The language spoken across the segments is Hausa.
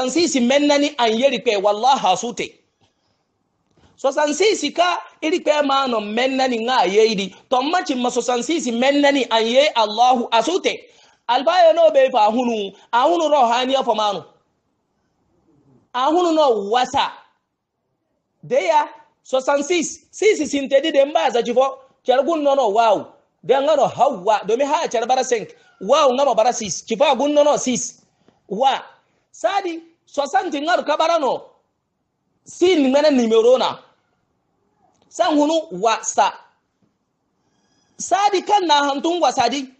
sansisi mennani an yerikpe wallaha sute so sansisi ka irikpe mano mennani nga yeidi to machi ma so sansisi mennani an allahu asute albayo no be fa hunu ahunu rohani afo manu ahunu no wasa deya so sansis sisi sintedi de mbaza jifo chargun no no wow de nga no hawa domi ha charbara senk wow nga bara sis jifo agun no no sis wa sadi soixante ŋar kabarano sin mena numero na san hunu wasa sadi kan na hantun wasadi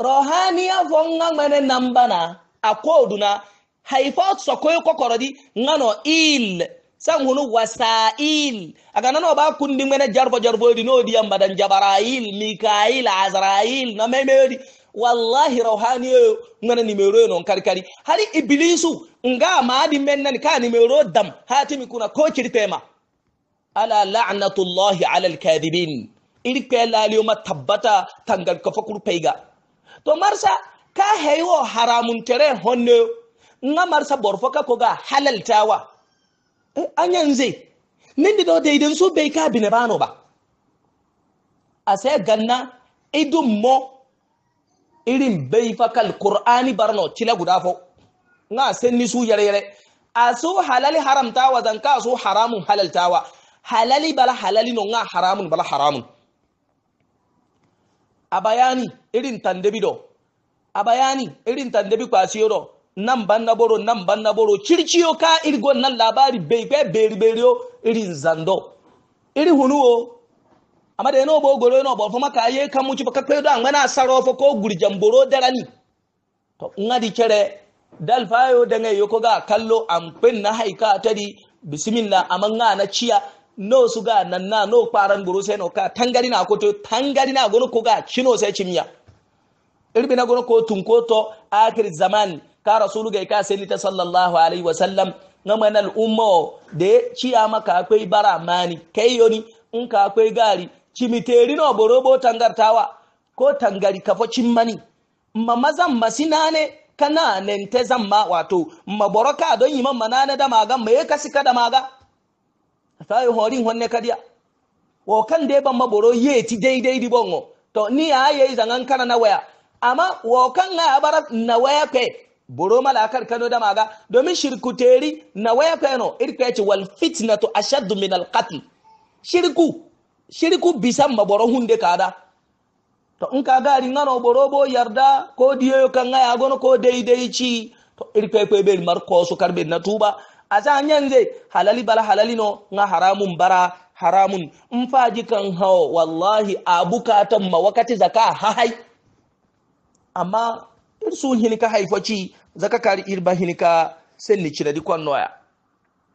rohaniya vonga namba nambana akoduna haifot sokoyo kokorodi ngano il san hunu wasa'il aga nano ba kundi mena jarbo jarbo di no di ambadan jabara'il mika'il azra'il na memedi wallahi rauhani ngana nimero non karkari hari iblisu nga maadi mennan ka nimero dam hatimi kuna ko kirtema ala la'natullahi ala alkadhibin iri pelali ma tabbata tangal ka fakuru peiga to marsa ka heyo haramun tere honne nga marsa borfoka ko ga halal tawa e, anyanze nindi do deiden su be ka bine bano ba ase ganna idum mo irin bai fakal qur'ani barno cila guda fo nga senni su yare yare aso halali haramta wa zanka aso haramun halaltawa halali bala halali no nga haramun bala haramun a bayani irin tandebi do a bayani irin tandebi kwasiyo do nan ban na boro nan ban na boro circiyo ka irgon nan labari bai kwe beri beri yo irin zando iri hunu amma da yana bo goro yana bo fa maka aye kan muci baka kai da ngana sarofa ko gurjan boro ni to ngadi kere dal fayo da ngai yoko ga kallo amfin na haika tadi bismillah amman nga na ciya no su ga nan na no paran boro sai no ka tangari na koto tangari na gono ko ga cino sai cimiya irbi na gono ko a akhir zaman ka rasulu ga ka sai ta sallallahu alaihi wasallam ngama manal umar da ciya maka akwai bara mani kai yoni in ka akwai gari cimiterino boro bo tangartawa ko tangari kafo cimmani ma mazan masinane kana nente zamma wato ma boroka don yi man manane da maga ma ye kasi maga yi horin honne kadiya wa kan de ban ma boro yeti daidai di bongo to ni ya yayi zangan kana na waya amma wa kan ga abara na waya pe boro malakar kano da maga domin shirkuteri na waya pe no irkeci wal fitnatu ashaddu min al qatl shirku shirku bisan maboro hunde kada to in ka gari ngano bo yarda ko diyo kan ngaya gono ko daidai ci to irpe pe be mar ko su karbe na tuba aza nyanze halali bala halali no nga haramun bara haramun in faji kan hawo wallahi abukatan mawakati zaka hahai amma su hinika haifaci zaka kari irba hinika sen ni di kwannoya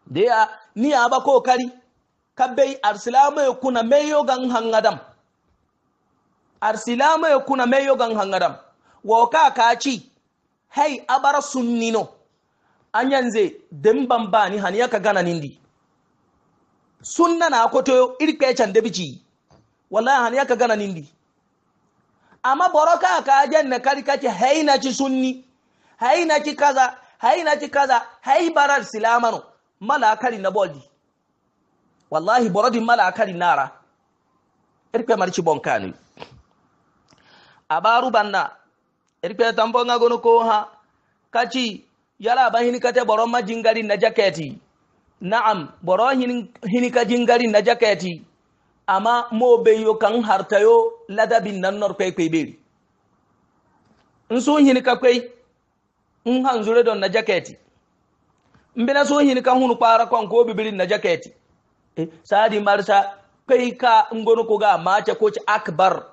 da ni aba ko kari arsilama arsilamayo kuna meyo gan hangadam arsilamayo kuna meyo gan hangadam wo ka ci hey abara sunnino anyanze demban bani haniya ka gana nindi sunna na koto irke can debici wallahi haniya ka gana nindi amma boro ka ka na kari kaci na ci sunni hai na ci kaza hai na ci kaza hey barar silamano malakari kari na boldi wallahi borodin mala kari nara irpe marci bonkani abaru banna irpe tambo ngagono ko ha kaci yala ban hini kate boron ma jingari na jaketi na'am boron hini, hini ka jingari na jaketi amma mo beyo kan hartayo ladabin nan nor kwaikwai beri in sun hini ka kwai in hanzure don na jaketi in bi na sun hini kan hunu kwara kwan ko bibirin na jaketi Eh, sadi marsa kai ka ngono ko ga mace ko akbar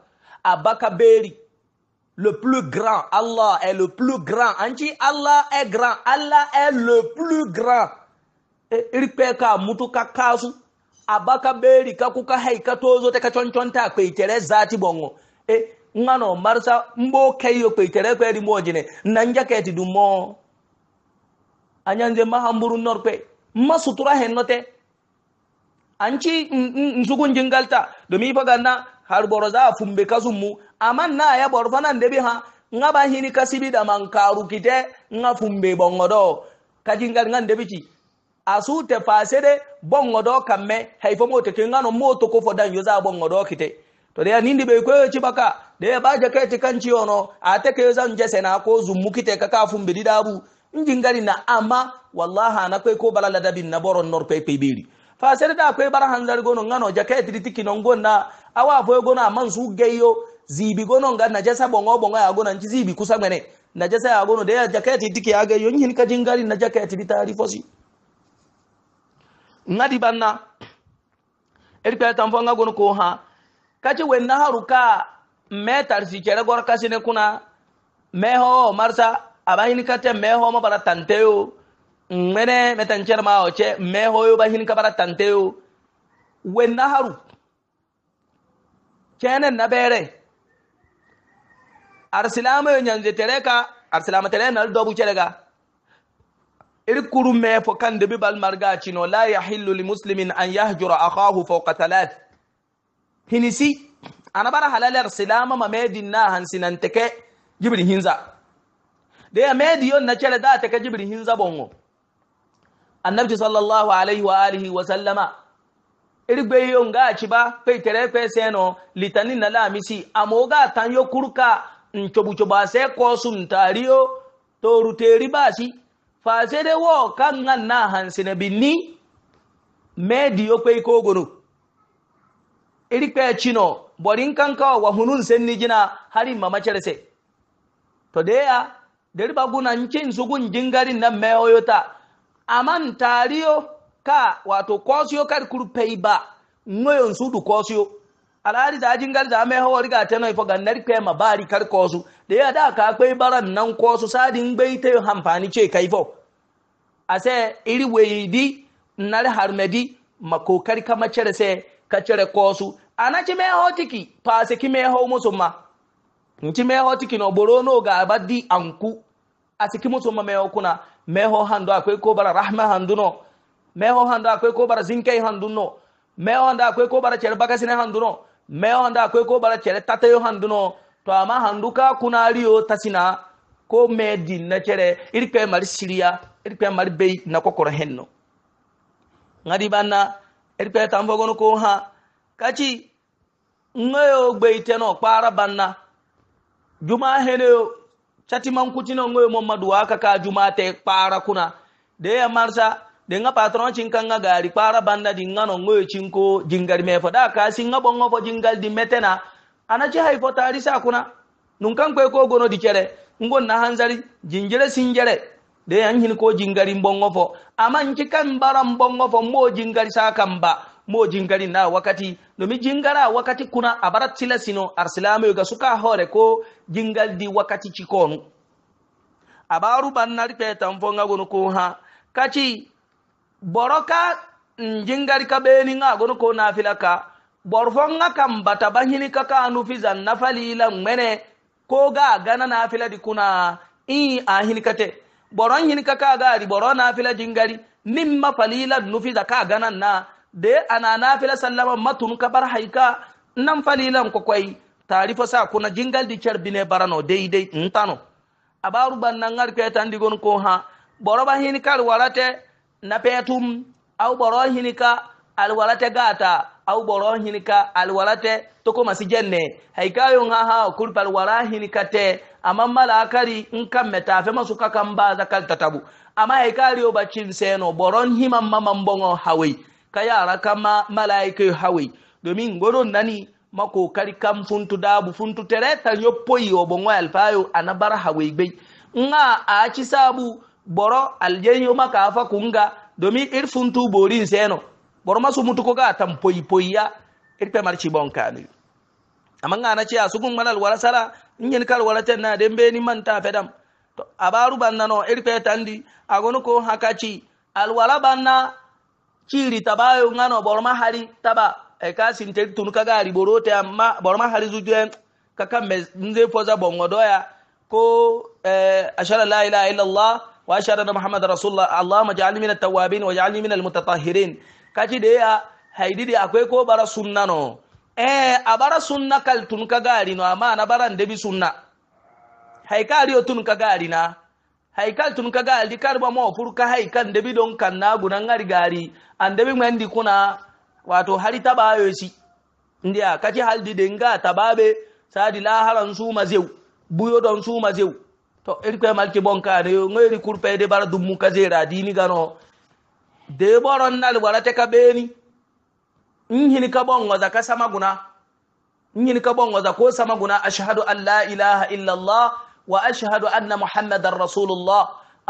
abaka beri le plus grand Allah est le plus grand anji Allah est grand Allah est le plus grand eh, irpe ka mutu ka kasu abaka beri ka kuka hai ka tozo te ka chonchonta pe tere zati bongo e ngano marsa mbo kayo pe tere ko ri mojine nanja keti du mo anyanze mahamburu norpe masutura hennote anci mm, mm, nsugun jingalta domi ifo ganna har boroza a fumbe kasummu aman na ya boro fanan debi ha nga ba hini kasibi da man karu kite nga fumbe bongo do ka jingal ngan debiti asu te fase de bongo do kamme hay fo moto ke ngano moto ko fo dan yoza bongo do kite to de anindi be ko ci baka de ba je kete kanci ono ate ke yoza nje sena ko zummu kite ka ka fumbe didabu njingali na ama wallahi na ko ko balala dabin na boron nor pe pe biri fa da akwai bar hanzar gono ngano jaka etriti kinon gonna awa fo gono aman su geyo zibi gono ga na jasa bongo bongo ya gono nci zibi kusa mene na jasa ya gono da ya jaka etriti ya geyo nyin ka jingari na jaka etriti ari fosi ngadi banna erpe tan fo ngagono ko ha kaci wenna haruka me tarsi kere gor kasine kuna meho marsa abahin kate meho mabara tanteo. mene metancer ma oce me hoyo ba hin kabara tanteo wenna haru kenen na bere arsilama yo nyanze tereka arsilama tere na dobu cherega ir kuru me fo kande bi bal marga chino la yahillu li muslimin an yahjura akahu fawqa talat hinisi anabara halal arsilama ma me dinna hansinanteke jibri hinza de ya me diyon na chere da teke jibri hinza bongo annabci sallallahu alaihi wa alihi wa sallama irgbe yo nga achiba pe tere pe seno litani na lamisi amoga tan yo kurka nchobu choba se ko sun tariyo to ruteri basi fa se de wo kan na hansine binni medi yo pe ko gono irikpe chino borin kanka wa hunun senni jina hari mama cerese to deya deriba guna ncin sugun jingarin na meoyota aman tariyo ka wato kosiyo kar kurpei ba ngoyon nsudu kosiyo alari da jingar da mai hawa riga ta ifo faga nar ma bari kar kosu da ya da ka kai baran nan kosu sadin bai ta amfani ce kai fo ase iri harmedi ka macere se ka cere kosu anachi mai hotiki pase ki mai hawo musumma nchi mai hotiki no ga anku asiki meho hando akwai ko bara rahma handuno meho hando akwai ko bara zinkai handuno meho hando akwai ko bara cere bagasine handuno meho hando akwai ko bara cere tatayo handuno to amma handuka kuna riyo tasina ko medi na cere irpe mar siriya irpe mari bei na kokoro henno ngadi banna irpe tambo gono ko ha kaci ngayo gbeiteno kpara banna juma heneyo chatimankutina ngoyo mo maduwa aka ka juma te kpara kuna de ya marsa de nga patron chin kanga gari kpara banda di ngano ngoyo chinko jingali mefo da ka si nga bongo fo jingali di metena ana chi hay fo tari sa kuna nun kan kwe ko gono di chere ngon na hanzari jingere singere de yan hin ko jingari bongo fo ama nchi kan bara bongo fo mo jingari sa kamba mo jingari na wakati domi jingara wakati kuna abarat sila sino arsilame ga suka hore ko jingal di wakati chikonu abaru banari pe tanfo nga ko ha kaci boroka jingari ka beni nga gonu ko nafila ka borfon kam bata bahini ka kanu fi zanna falila ngmene ko ga gana nafila di kuna i a kate boron hinika ka gari boron nafila jingari nimma falila nufi da ka na de ana nafila sallama matun kabar haika nan falilan kwakwai tarifa sa kuna jingal di bine barano daidai ntano abaru bannan ngar ke tan digon ko ha boroba hinika alwarate na petum au boro hinika alwarate gata au boro hinika alwarate to ko haika haikayo ha ha kulpal wara hinika te amma malakari in kan metafe masu kakan ba zakal tatabu amma haikari yo bacin seno boron himan maman bongo hawai ka yara kama malaikai hawe domin gwaron nani makokari kan funtu dabu funtu tere yo poyi o alfayo anabar hawe bai nga a ci sabu boro aljenyo maka afa kunga domin ir funtu borin seno boro masu mutu ko ga tan poyi poyi ya irpe marci bonkani amma nga na ce a sugun manal wala sara nyen kal wala ten na dembe ni man ta fedam to abaru banna no tandi agono ko hakaci alwala banna ciri tabayo ngano borma hari taba e ka sinteri tun eh, kaga riborote amma borma hari ka kaka me nze foza bongo doya ko eh, ashara la ilaha illallah wa ashara na muhammad rasulullah allahumma ja'alni minat tawabin wa ja'alni minal mutatahhirin kaci de ya haididi akwai ko bara sunna no eh a bara sunna kal tun kaga rino amma na bara ndebi sunna haika ariyo tun kaga rina haikal tun kaga aldi karba mo furka haikan da bidon kan na gunan gari an da bi mandi kuna wato hari taba yosi ndiya kaci haldi denga tababe sadi laharan su mazeu buyo don su mazeu to iri malki bonka ne ngori kurpe de bara dummu kazera dini gano de boron nal wala te kabeni inhini ka bon za ka sama guna inhini ka bon ko sama guna ashhadu an la ilaha illallah وأشهد أن محمد رسول الله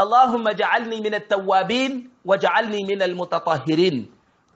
اللهم اجعلني من التوابين واجعلني من المتطهرين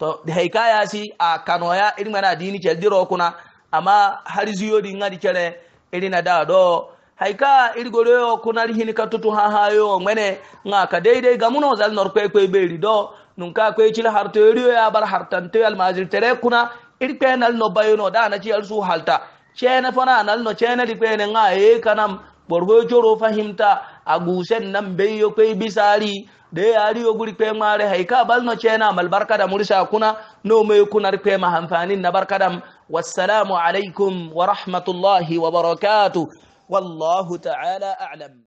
to da haikaya si a kano ya irin mana dini celdiro kuna amma har ziyo din ngadi kere irin da do haika iri gore yo kuna rihin ka tutu ha ha yo mene nga ka daidai ga muno zal nor kwe kwe beri do nun ka kwe chila har teoriyo ya bar har tante al mazir tere kuna iri kwe nal no bayo no da na ci al su halta chene fana nal no chene di kwe ne nga e kanam borgo choro fahimta agusen gusen nan bai yo bisari de ari oguri pe mare haika balno chena mal barka da mursa kuna no me kuna pe ma amfanin na barka da wassalamu alaikum wa rahmatullahi wa barakatuh wallahu ta'ala a'lam